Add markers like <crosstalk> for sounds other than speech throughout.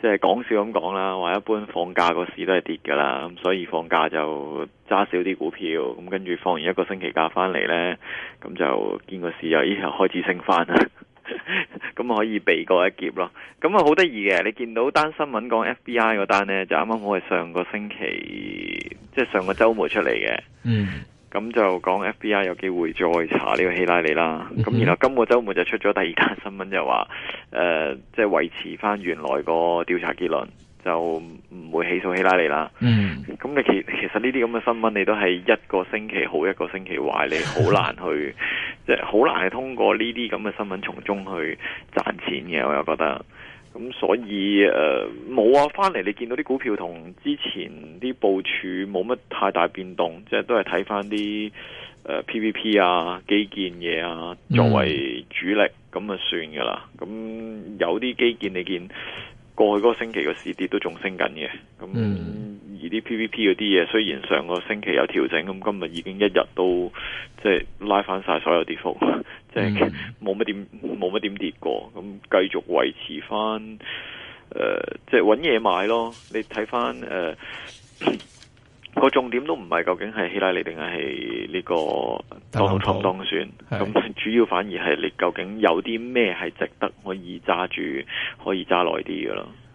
即係講笑咁講啦，話一般放假個市都係跌噶啦，咁所以放假就揸少啲股票，咁跟住放完一個星期假翻嚟呢，咁就見個市又咦開始升翻啦，咁 <laughs> 可以避過一劫咯。咁啊好得意嘅，你見到單新聞講 FBI 嗰單呢，就啱啱我係上個星期，即係上個周末出嚟嘅。嗯。咁就講 FBI 有機會再查呢個希拉里啦。咁然後今個周末就出咗第二單新聞，呃，就話誒，即係維持翻原來個調查結論，就唔會起訴希拉里啦。嗯。咁你其實其實呢啲咁嘅新聞，你都係一個星期好，一個星期壞，你好難去，即係好難去通過呢啲咁嘅新聞從中去賺錢嘅。我又覺得。咁所以誒冇、呃、啊，翻嚟你見到啲股票同之前啲部署冇乜太大變動，即係都係睇翻啲誒 PVP 啊、基建嘢啊作為主力咁啊算噶啦。咁有啲基建你見過去嗰個星期個市跌都仲升緊嘅。咁。嗯而啲 PVP 嗰啲嘢，雖然上個星期有調整，咁今日已經一日都即係拉翻晒所有跌幅，即係冇乜點冇乜點跌過，咁繼續維持翻，誒、呃、即係揾嘢買咯。你睇翻誒個重點都唔係究竟係希拉里定係係呢個當、當選，咁、嗯、主要反而係你究竟有啲咩係值得可以揸住，可以揸耐啲嘅咯。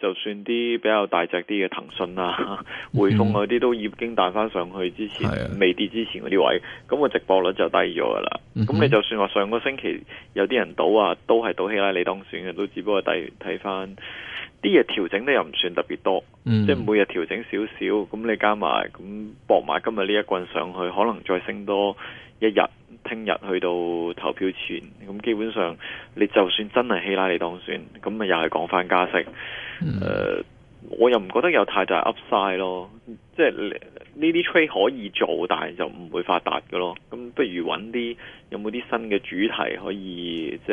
就算啲比較大隻啲嘅騰訊啊、匯豐嗰啲都已經彈翻上去之前，的未跌之前嗰啲位，咁個直播率就低咗噶啦。咁、嗯、哼你就算話上個星期有啲人賭啊，都係賭希拉里當選嘅，都只不過睇翻啲嘢調整得又唔算特別多，即係、嗯、每日調整少少。咁你加埋咁搏埋今日呢一棍上去，可能再升多一日，聽日去到投票前，咁基本上你就算真係希拉里當選，咁咪又係講返加息。誒，嗯 uh, 我又唔覺得有太大 upside 咯，即係呢啲 trade 可以做，但係就唔會發達嘅咯。咁不如揾啲有冇啲新嘅主題可以，即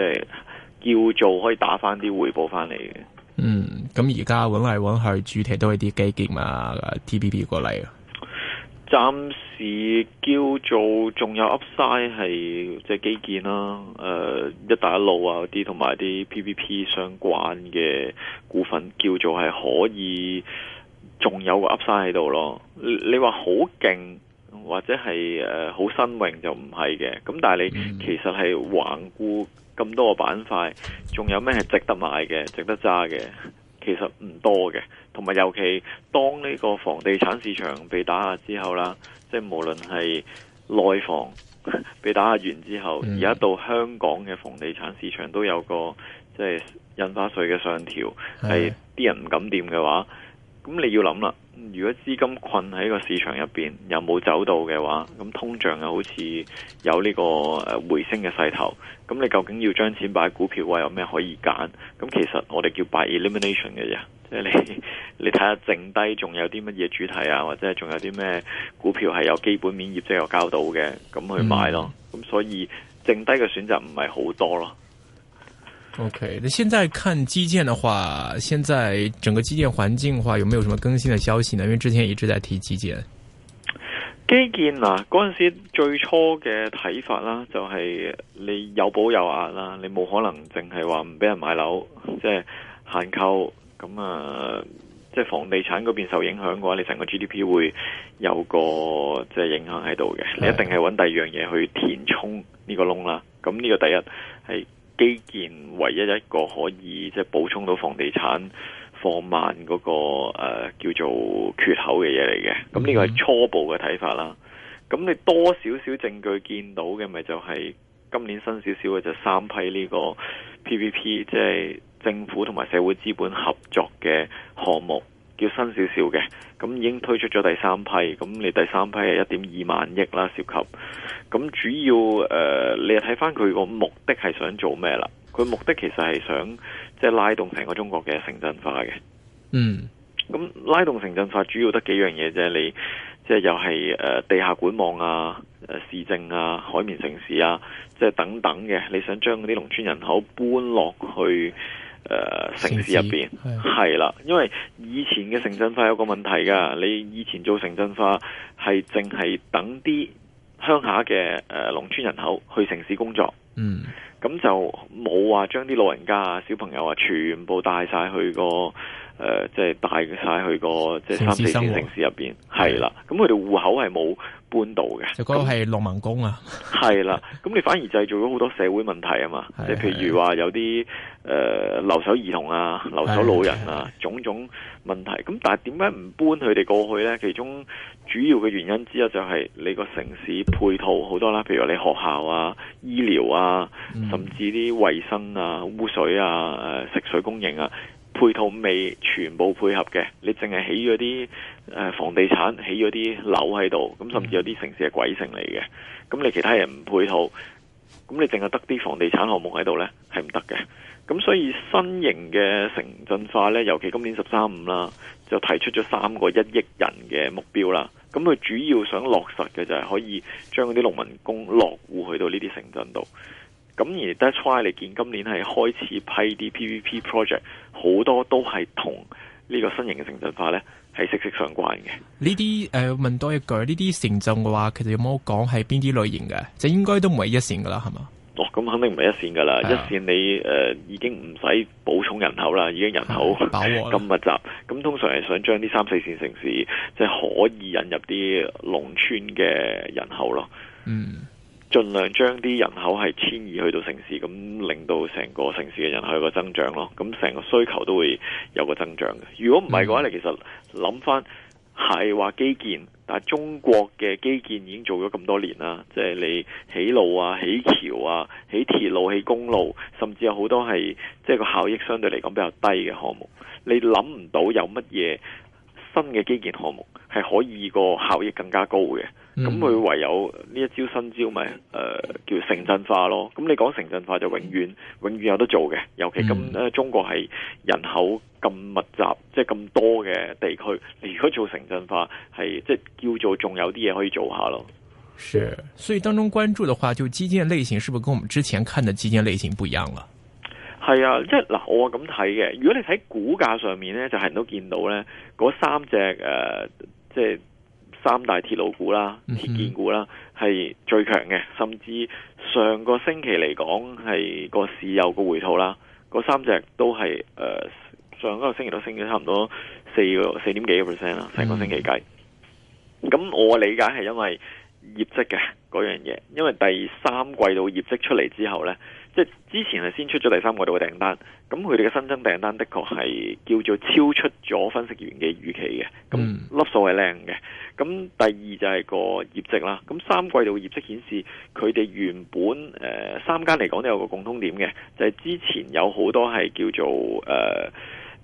係叫做可以打翻啲回報翻嚟嘅。嗯，咁而家揾嚟揾去，主題都係啲基建嘛，啊，TBP 過嚟。暫時叫做仲有 Upside 係即係基建啦、啊，誒、呃、一帶一路啊，嗰啲同埋啲 PPP 相關嘅股份，叫做係可以仲有個 Upside 喺度咯。你話好勁或者係好、呃、新穎就唔係嘅。咁但係你其實係環顧咁多個板塊，仲有咩係值得買嘅、值得揸嘅？其實唔多嘅，同埋尤其當呢個房地產市場被打壓之後啦，即係無論係內房被打壓完之後，而家、嗯、到香港嘅房地產市場都有個即係印花稅嘅上調，係啲是人唔敢掂嘅話，咁你要諗啦。如果資金困喺個市場入邊，又冇走到嘅話，咁通脹又好似有呢個誒回升嘅勢頭，咁你究竟要將錢擺股票位，有咩可以揀？咁其實我哋叫擺 elimination 嘅啫。即係你你睇下剩低仲有啲乜嘢主題啊，或者仲有啲咩股票係有基本面業績有交到嘅，咁去買咯。咁，嗯，所以剩低嘅選擇唔係好多咯。O.K.，那現在看基建的話，現在整個基建環境的話，有沒有什麼更新的消息呢？因為之前一直在提基建。基建嗱，啊，嗰陣時最初嘅睇法啦，就係你有保有壓啦，你冇可能淨係話唔俾人買樓，即係限購。咁啊，即係房地產嗰邊受影響嘅話，你成個 GDP 會有個即係影響喺度嘅。你一定係揾第二樣嘢去填充呢個窿啦。咁呢個第一係。基建唯一一個可以即係、就是、補充到房地產放慢嗰、那個、呃、叫做缺口嘅嘢嚟嘅，咁呢個係初步嘅睇法啦。咁你多少少證據見到嘅咪就係今年新少少嘅就三批呢個 PPP，即係政府同埋社會資本合作嘅項目。叫新少少嘅，咁已經推出咗第三批，咁你第三批係一點二萬億啦，涉及，咁主要誒、呃，你又睇翻佢個目的係想做咩啦？佢目的其實係想即係、就是、拉動成個中國嘅城鎮化嘅，嗯，咁拉動城鎮化主要得幾樣嘢啫，就是、你即係又係地下管網啊、市政啊、海綿城市啊，即、就、係、是、等等嘅，你想將嗰啲農村人口搬落去。誒、呃，城市入邊係啦，因為以前嘅城鎮化有個問題噶你以前做城鎮化係淨係等啲鄉下嘅，誒農村人口去城市工作，嗯，咁就冇話將啲老人家啊、小朋友啊全部帶晒去、嗰個誒，即係帶晒去、嗰個即係、即係、三四線城市入邊係啦，咁佢哋戶口係冇。搬到嘅，都係農民工啊，係啦那，咁 <laughs> 你反而製造咗好多社會問題啊嘛，即係 <laughs> 是的 譬如話有啲誒、呃、留守兒童啊、留守老人啊， <laughs> 是的 種種問題。咁但係點解唔搬佢哋過去呢？嗯、其中主要嘅原因之一就係你個城市配套好多啦，譬如你學校啊、醫療啊，嗯、甚至啲衛生啊、污水啊、誒食水供應啊。配套未全部配合嘅，你淨係起咗啲誒房地產，起咗啲樓喺度，咁甚至有啲城市係鬼城嚟嘅，咁你其他人唔配套，咁你淨係得啲房地產項目喺度咧，係唔得嘅。咁所以新型嘅城鎮化咧，尤其今年十三五啦，就提出咗三個一億人嘅目標啦。咁佢主要想落實嘅就係可以將嗰啲農民工落戶去到呢啲城鎮度。咁而 that's why 你見今年係開始批啲 PPP project，好多都係同呢個新型嘅城鎮化咧係息息相關嘅。呢啲誒，問多一句，呢啲城鎮嘅話，其實有冇講係邊啲類型嘅？就應該都唔係一線噶啦，係嘛？哦，咁肯定唔係一線噶啦，啊、一線你誒、呃、已經唔使補充人口啦，已經人口飽和咁密集，咁通常係想將啲三四線城市，即係可以引入啲農村嘅人口咯。嗯。盡量將啲人口係遷移去到城市，咁令到成個城市嘅人口有個增長咯。咁成個需求都會有個增長嘅。如果唔係嘅話，你其實諗翻係話基建，但係中國嘅基建已經做咗咁多年啦。即係你起路啊、起橋啊、起鐵路、起公路，甚至有好多係即係個效益相對嚟講比較低嘅項目。你諗唔到有乜嘢新嘅基建項目係可以個效益更加高嘅？咁佢、嗯、唯有呢一招新招咪、就是，誒、呃、叫城鎮化咯。咁你講城鎮化就永遠、嗯、永遠有得做嘅，尤其咁中國係人口咁密集，嗯、即係咁多嘅地區，你如果做城鎮化，係即係叫做仲有啲嘢可以做下咯。是，所以當中關注的話，就基建類型，是不是跟我們之前看的基建類型不一樣了？係、嗯、啊，即係嗱，我咁睇嘅。如果你睇股價上面咧，就係人都見到咧嗰三隻誒、呃，即係。三大鐵路股啦、鐵建股啦，係最強嘅。甚至上個星期嚟講，係個市有個回吐啦，嗰三隻都係誒、呃，上個星期都升咗差唔多四個四點幾個 percent 啦，成個星期計。咁、嗯、我理解係因為業績嘅嗰樣嘢，因為第三季度業績出嚟之後呢。即之前係先出咗第三季度嘅訂單，咁佢哋嘅新增訂單的確係叫做超出咗分析員嘅預期嘅，咁粒 u m b 係靚嘅，咁第二就係個業績啦，咁三季度嘅業績顯示佢哋原本誒、呃、三間嚟講都有個共通點嘅，就係、是、之前有好多係叫做誒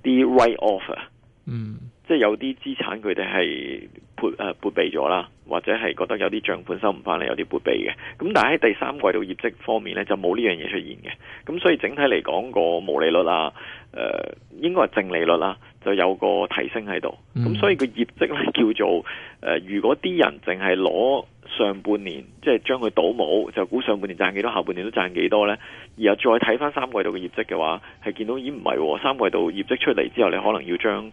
啲、呃、right offer，嗯。即係有啲資產佢哋係撥誒、呃、撥備咗啦，或者係覺得有啲帳款收唔翻嚟，有啲撥備嘅。咁但係喺第三季度業績方面咧，就冇呢樣嘢出現嘅。咁所以整體嚟講，個毛利率啦、啊，誒、呃、應該係淨利率啦、啊，就有個提升喺度。咁、嗯、所以個業績咧叫做誒、呃，如果啲人淨係攞上半年，即、就、係、是、將佢倒冇就估上半年賺幾多，下半年都賺幾多咧。然後再睇翻三季度嘅業績嘅話，係見到咦唔係喎，三季度業績出嚟之後，你可能要將。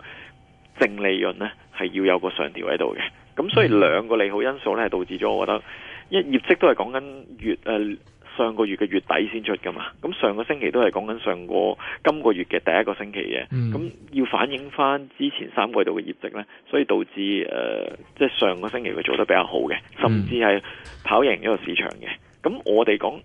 淨利潤咧，係要有個上調喺度嘅。咁所以兩個利好因素咧，係導致咗，我覺得，因為業績都係講緊月誒、呃、上個月嘅月底先出噶嘛，咁上個星期都係講緊上個今個月嘅第一個星期嘅，咁要反映翻之前三個季度嘅業績咧，所以導致誒、呃、即係上個星期佢做得比較好嘅，甚至係跑贏呢個市場嘅，咁我哋講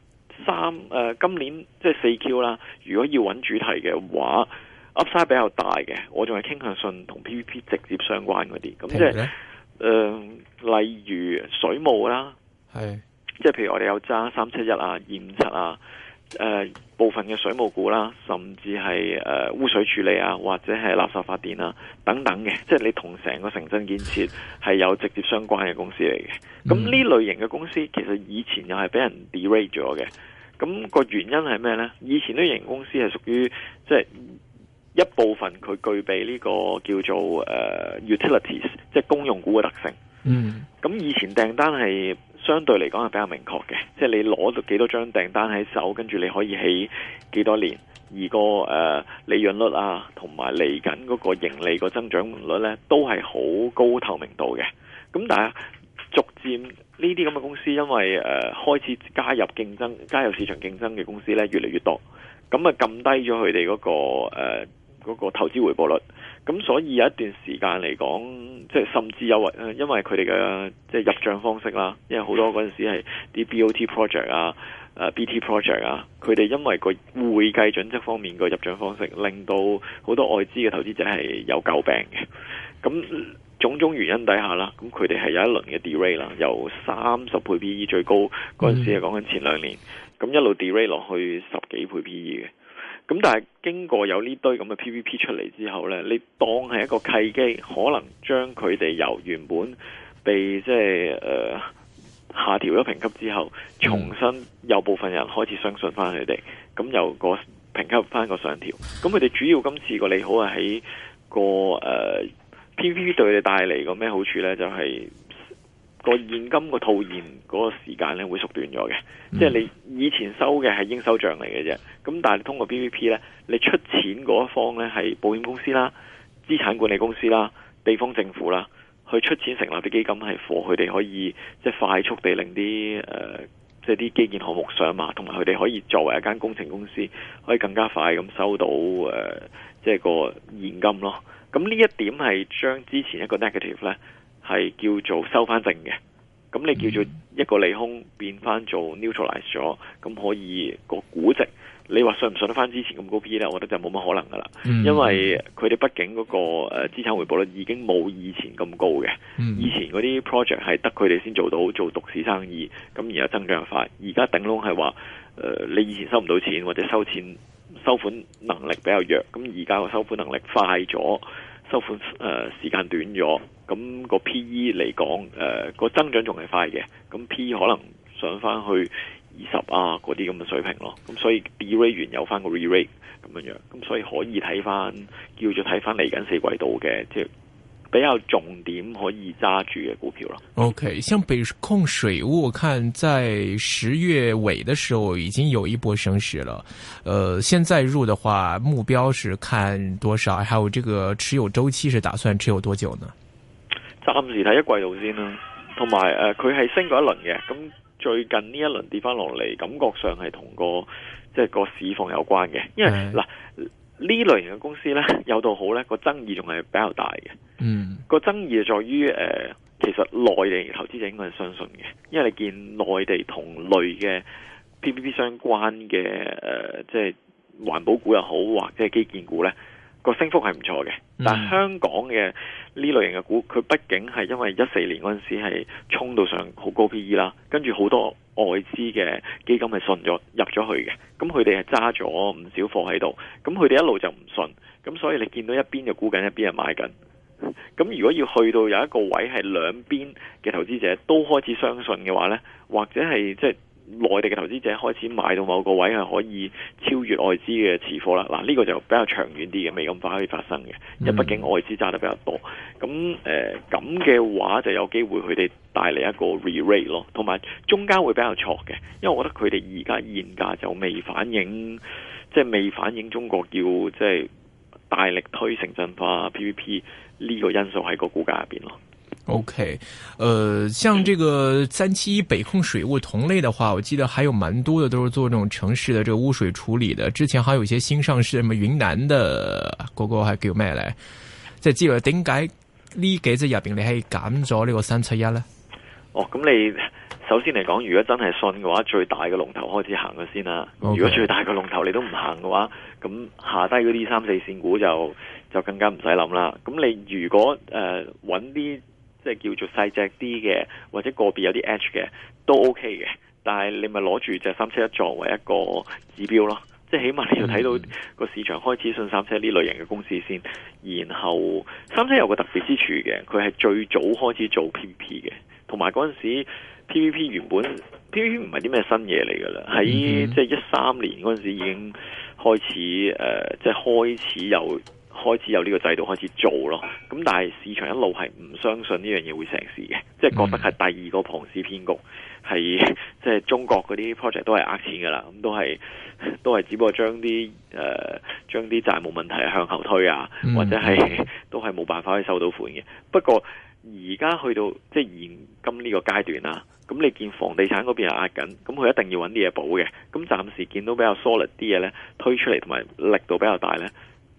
三誒、呃、今年即係四 Q 啦，如果要揾主題嘅話。Upside 比較大嘅，我仲係傾向信同 PPP 直接相關嗰啲，咁即係誒，例如水務啦，係的，即係譬如我哋有揸三七一啊、二五七啊，誒、呃、部分嘅水務股啦，甚至係誒、呃、污水處理啊，或者係垃圾發電啊等等嘅，即、就、係、是、你同成個城鎮建設係有直接相關嘅公司嚟嘅。咁呢類型嘅公司其實以前又係俾人 degrade 咗嘅，咁、那個原因係咩呢？以前呢類型公司係屬於即係。一部分佢具備呢個叫做誒、呃、utilities，即係公用股嘅特性。嗯，咁以前訂單係相對嚟講係比較明確嘅，即、就、係、是、你攞到幾多張訂單喺手，跟住你可以起幾多年。而、那個誒、呃、利潤率啊，同埋嚟緊嗰個盈利個增長率呢，都係好高透明度嘅。咁但係逐漸呢啲咁嘅公司，因為誒、呃、開始加入競爭、加入市場競爭嘅公司呢，越嚟越多，咁啊撳低咗佢哋嗰個、呃嗰個投資回報率，咁所以有一段時間嚟講，即係甚至有為，因為佢哋嘅即係入帳方式啦，因為好多嗰陣時係啲 BOT project 啊、誒、啊、BT project 啊，佢哋因為個會計準則方面個入帳方式，令到好多外資嘅投資者係有詬病嘅。咁種種原因底下啦，咁佢哋係有一輪嘅 de-rate 啦，由三十倍 PE 最高嗰陣時係講緊前兩年，咁一路 de-rate 落去十幾倍 PE 嘅。咁但係經過有呢堆咁嘅 P V P 出嚟之後呢，你當係一個契機，可能將佢哋由原本被即係、就是呃、下調咗評級之後，重新有部分人開始相信翻佢哋，咁由個評級翻個上調。咁佢哋主要今次、那個利好係喺個誒 P V P 對佢哋帶嚟個咩好處呢？就係、是。個現金個套現嗰個時間咧會縮短咗嘅，即係你以前收嘅係應收帳嚟嘅啫。咁但係你通過 BVP 咧，你出錢嗰一方咧係保險公司啦、資產管理公司啦、地方政府啦，去出錢成立啲基金,係幫佢哋可以即係快速地令啲誒即係啲基建項目上馬，同埋佢哋可以作為一間工程公司，可以更加快咁收到誒即係個現金咯。咁呢一點係將之前一個 negative 咧。係叫做收翻正嘅，咁你叫做一個利空變翻做 neutralize 咗，咁可以，個估值，你話信唔信得翻之前咁高 P 呢？我覺得就冇乜可能噶啦。嗯、因為佢哋畢竟嗰、個誒、啊、資產回報率已經冇以前咁高嘅，嗯、以前嗰啲 project 係得佢哋先做到做獨市生意，咁而家增長快，而家頂籠係話誒你以前收唔到錢或者收錢收款能力比較弱，咁而家個收款能力快咗。收款、呃、時間短咗，咁、個 P/E 嚟講誒、呃、個增長仲係快嘅，咁 P/E 可能上翻去二十啊嗰啲咁嘅水平咯，咁所以 de-rate 完有翻個 re-rate 咁樣樣，咁所以可以睇翻，叫做睇翻嚟緊四季度嘅即係。比較重點可以揸住嘅股票咯。OK，像北控水務，我看在十月尾的時候已經有一波升勢了。呃，現在入的話，目標是看多少？還有這個持有周期是打算持有多久呢？暫時睇一季度先啦。同埋誒，佢、呃、係升過一輪嘅。咁最近呢一輪跌翻落嚟，感覺上係同個即係、就是、個市況有關嘅。因為嗱。Right. 呢類型嘅公司呢，有到好呢個爭議仲係比較大嘅。嗯，個爭議在於誒、呃，其實內地投資者應該係相信嘅，因為你見內地同類嘅 PPP 相關嘅誒、呃，即係環保股又好，或者基建股呢。個升幅係唔錯嘅，但香港嘅呢類型嘅股，佢畢竟係因為一四年嗰陣時係衝到上好高 PE 啦，跟住好多外資嘅基金係信咗入咗去嘅，咁佢哋係揸咗唔少貨喺度，咁佢哋一路就唔信，咁所以你見到一邊就沽緊，一邊就買緊，咁如果要去到有一個位係兩邊嘅投資者都開始相信嘅話呢，或者係即係。內地嘅投資者開始買到某個位係可以超越外資嘅持貨啦，嗱，呢個就比較長遠啲嘅，未咁快可以發生嘅，因為畢竟外資揸得比較多，咁咁嘅話就有機會佢哋帶嚟一個 re-rate 咯，同埋中間會比較錯嘅，因為我覺得佢哋而家現價就未反映，即係未反映中國要即係大力推城鎮化 PVP 呢個因素喺個股價入面咯。O K，誒，像這個三七一北控水務同類的話，我記得還有蠻多的，都是做這種城市的這個污水處理的。之前還有一些新上市，什麼雲南的嗰個係叫咩呢？即係知佢點解呢幾隻入邊你係揀咗呢個三七一呢？哦，咁你首先嚟講，如果真係信嘅話，最大嘅龍頭開始行咗先啦。Okay. 如果最大嘅龍頭你都唔行嘅話，咁下低嗰啲三四線股就就更加唔使諗啦。咁你如果誒揾啲。呃找些即係叫做細隻啲嘅，或者個別有啲 edge 嘅都 OK 嘅，但係你咪攞住隻三七一作為一個指標咯。即係起碼你要睇到個市場開始信三七呢類型嘅公司先。然後、mm hmm. 三七有個特別之處嘅，佢係最早開始做 PVP 嘅，同埋嗰陣時 PVP 原本 PVP 唔係啲咩新嘢嚟㗎啦。喺即係一三年嗰陣時已經開始、呃、即係開始有。開始有呢個制度開始做咯，咁但係市場一路係唔相信呢樣嘢會成事嘅，嗯、即係覺得係第二個龐氏騙局，係即係中國嗰啲 project 都係呃錢㗎喇，咁都係都係只不過將啲誒、呃、將啲債務問題向後推啊，嗯、或者係都係冇辦法可以收到款嘅。不過而家去到即係現今呢個階段啦、啊，咁你見房地產嗰邊係壓緊，咁佢一定要揾啲嘢補嘅。咁暫時見到比較 solid 啲嘢呢，推出嚟，同埋力度比較大呢。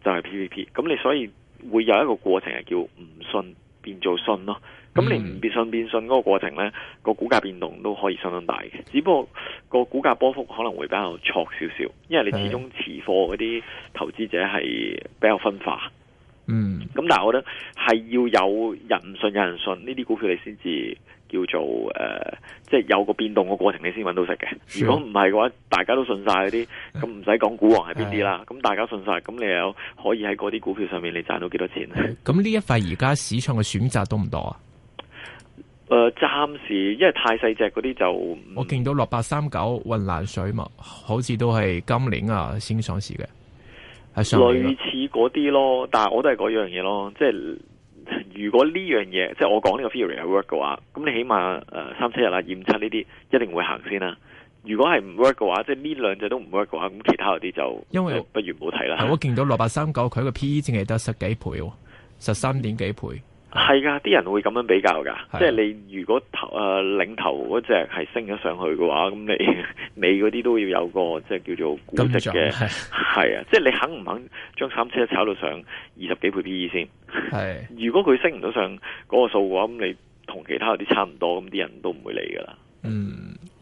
就係 PVP，咁你所以會有一個過程係叫唔信變做信咯，咁你唔變信變信嗰個過程呢，個股價變動都可以相當大嘅，只不過個股價波幅可能會比較闊少少，因為你始終持貨嗰啲投資者係比較分化，嗯，咁但係我覺得係要有人唔信有人信呢啲股票，你先至。叫做誒、呃，即係有個變動嘅過程，你先揾到食嘅。是啊、如果唔係嘅話，大家都信晒嗰啲，咁唔使講股王係邊啲啦。咁、啊、大家信晒，咁你又可以喺嗰啲股票上面，你賺到幾多錢？咁呢、嗯、一塊而家市場嘅選擇多唔多啊？誒、呃，暫時因為太細隻嗰啲就，我見到六八三九、雲南水嘛，好似都係今年啊先上市嘅，係上市類似嗰啲咯。但係我都係嗰樣嘢咯，即係。如果呢樣嘢，即係我講呢個 theory 係 work 嘅話，咁你起碼誒三七日啦，驗測呢啲一定會行先啦。如果係唔 work 嘅話，即係呢兩隻都唔 work 嘅話，咁其他嗰啲就因為就不如唔好睇啦。我見到六八三九佢個 P E 淨係得十幾倍，十三點幾倍。嗯。係㗎，啲人會咁樣比較㗎，的即係你如果頭誒領頭嗰隻係升咗上去嘅話，咁你你嗰啲都要有個即係叫做估值嘅。係啊，即係你肯唔肯將三車炒到上二十幾倍 P E 先？係。如果佢升唔到上嗰個數嘅話，咁你同其他嗰啲差唔多，咁啲人都唔會嚟㗎啦。嗯。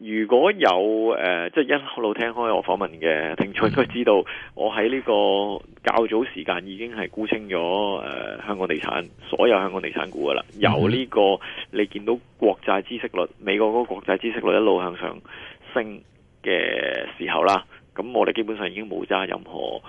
如果有誒，即、呃、係、就是、一路聽開我訪問嘅聽眾應該知道，我喺呢個較早時間已經係沽清咗、呃、香港地產所有香港地產股噶啦。嗯、由呢、這個你見到國債孳息率，美國嗰個國債孳息率一路向上升嘅時候啦，咁我哋基本上已經冇揸任何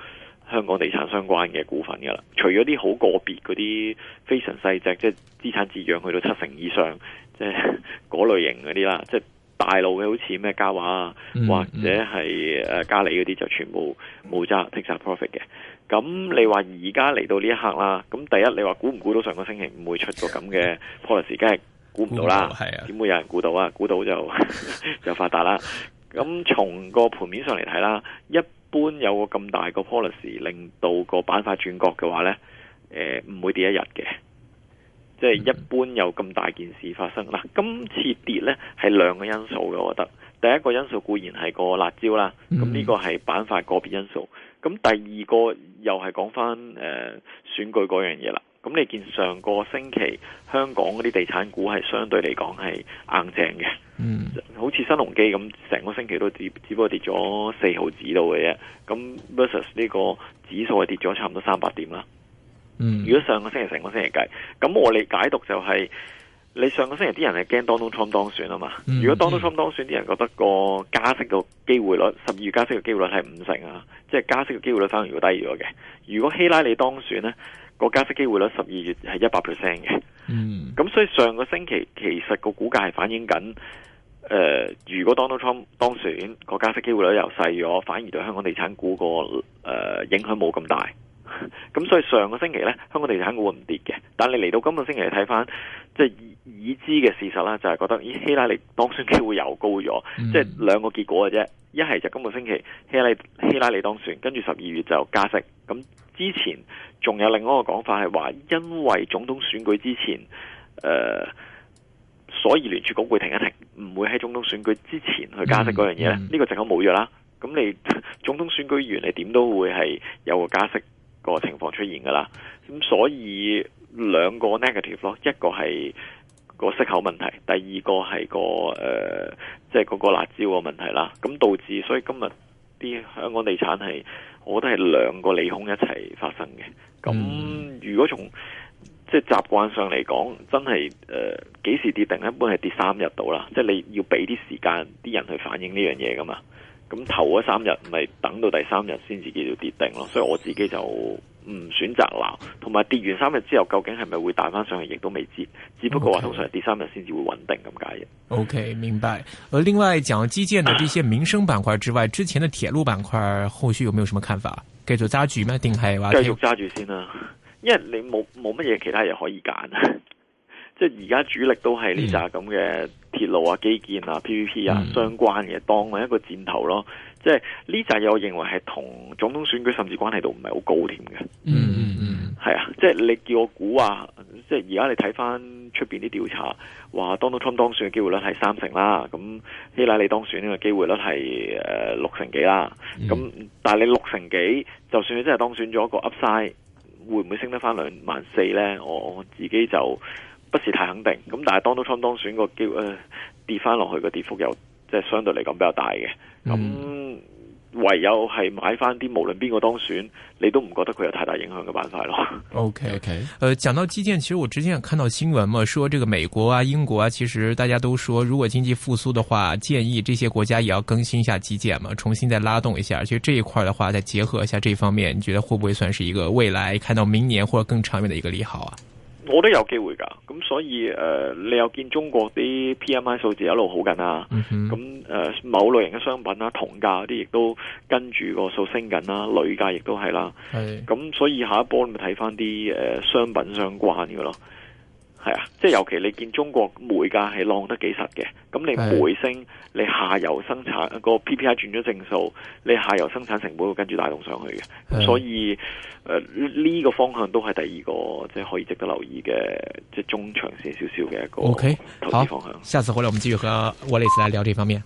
香港地產相關嘅股份噶啦，除咗啲好個別嗰啲非常細隻，即係資產字養去到七成以上，即係嗰類型嗰啲啦，即、就是大路嘅好似咩嘉華啊，或者係誒嘉里嗰啲就全部冇揸 take 晒 profit 嘅。咁你話而家嚟到呢一刻啦，咁第一你話估唔估到上個星期唔會出個咁嘅 policy，梗係估唔到啦。係啊、嗯，點會有人估到啊？估、嗯、到就、嗯、 <laughs> <laughs> 就發達啦。咁從個盤面上嚟睇啦，一般有個咁大個 policy 令到個板塊轉角嘅話咧，唔、呃、會跌一日嘅。即係一般有咁大件事發生啦，今次跌咧係兩個因素嘅，我覺得第一個因素固然係個辣招啦，咁呢個係板塊個別因素。咁第二個又係講返誒選舉嗰樣嘢啦。咁你見上個星期香港嗰啲地產股係相對嚟講係硬淨嘅，嗯，好似新鴻基咁成個星期都只，只不過跌咗四毫子到嘅啫。咁 versus 呢個指數係跌咗差唔多三百點啦。嗯、如果上個星期成個星期計，咁我哋解讀就係、是，你上個星期啲人係驚 Donald Trump 當選啊嘛、嗯、Trump 當選啊嘛、就是嗯呃。如果 Donald Trump 當選，啲人覺得個加息個機會率十二月加息嘅機會率係五成啊，即係加息嘅機會率反而會低咗嘅。如果希拉里當選呢，個加息機會率十二月係一百 percent 嘅。嗯，咁所以上個星期其實個股價係反映緊，誒，如果 Donald Trump 當選，個加息機會率又細咗，反而對香港地產股個誒、呃、影響冇咁大。咁 <laughs> 所以上個星期呢，香港地產肯定會唔跌嘅。但係嚟到今個星期睇翻，即係已知嘅事實啦，就係、是、覺得，咦，希拉里當選機會又高咗。即係兩個結果嘅啫，一係就今個星期希拉希拉里當選，跟住十二月就加息。咁之前仲有另外一個講法係話，因為總統選舉之前，誒、呃，所以聯儲局會停一停，唔會喺總統選舉之前去加息嗰樣嘢呢，呢、嗯嗯、個就係冇約啦。咁你總統選舉完，你點都會係有個加息。個情況出現噶啦，咁所以兩個 negative 咯，一個係個息口問題，第二個係、個誒，即係嗰個辣椒個問題啦，咁導致所以今日啲香港地產係，我覺得係兩個利空一齊發生嘅。咁、嗯、如果從即係習慣上嚟講，真係誒幾時跌定，一般係跌三日到啦，即係你要俾啲時間啲人去反應呢樣嘢噶嘛。咁、嗯、頭嗰三日，咪等到第三日先至叫做跌定咯。所以我自己就唔選擇鬧。同埋跌完三日之後，究竟係咪會彈翻上去亦都未知。只不過話通常係跌三日先至會穩定咁解嘅。OK，明白。而另外講基建嘅呢些民生板塊之外，之前嘅鐵路板塊後續有沒有什麼看法？繼續揸住咩？定係話繼續揸住先啦？因為你冇冇乜嘢其他嘢可以揀。即係而家主力都係呢扎咁嘅鐵路啊、基建啊、PVP 啊相關嘅、嗯、當一個箭頭咯。即係呢扎嘢，我認為係同總統選舉甚至關係度唔係好高添嘅、嗯。嗯嗯嗯，係啊。即係你叫我估啊，即係而家你睇翻出面啲調查，話 Donald Trump 當選嘅機會率係三成啦。咁希拉里當選嘅機會率係、呃、六成幾啦。咁、嗯、但係你六成幾，就算你真係當選咗個 Upside，會唔會升得翻兩萬四咧？我自己就～不是太肯定，咁但係 Donald Trump 當選個、呃、跌翻落去個跌幅又即係相對嚟講比較大嘅，咁、嗯、唯有係買翻啲無論邊個當選，你都唔覺得佢有太大影響嘅辦法咯。OK OK，呃講到基建，其實我之前有看到新聞嘛，說這個美國啊、英國啊，其實大家都說如果經濟復蘇嘅話，建議這些國家也要更新一下基建嘛，重新再拉動一下。其實這一塊嘅話，再結合一下這一方面，你覺得會不會算是一個未來看到明年或者更長遠嘅一個利好啊？我都有機會㗎，咁所以誒、呃，你又見中國啲 P M I 數字一路好緊啦、啊，咁誒、嗯哼呃、某類型嘅商品啦，銅價啲亦都跟住個數升緊啦、啊，鋁價亦都係啦，咁的所以下一波你咪睇翻啲誒商品相關嘅咯。係啊，即係尤其你見中國煤價係浪得幾實嘅，咁你煤升，你下游生產的個 P P I 轉咗正數，你下游生產成本會跟住帶動上去嘅，的所以誒呢、呃這個方向都係第二個即係可以值得留意嘅，即係中長線少少嘅一個投資方向。Okay. 好，下次回來我們繼續和 Wallace 來聊呢啲方面。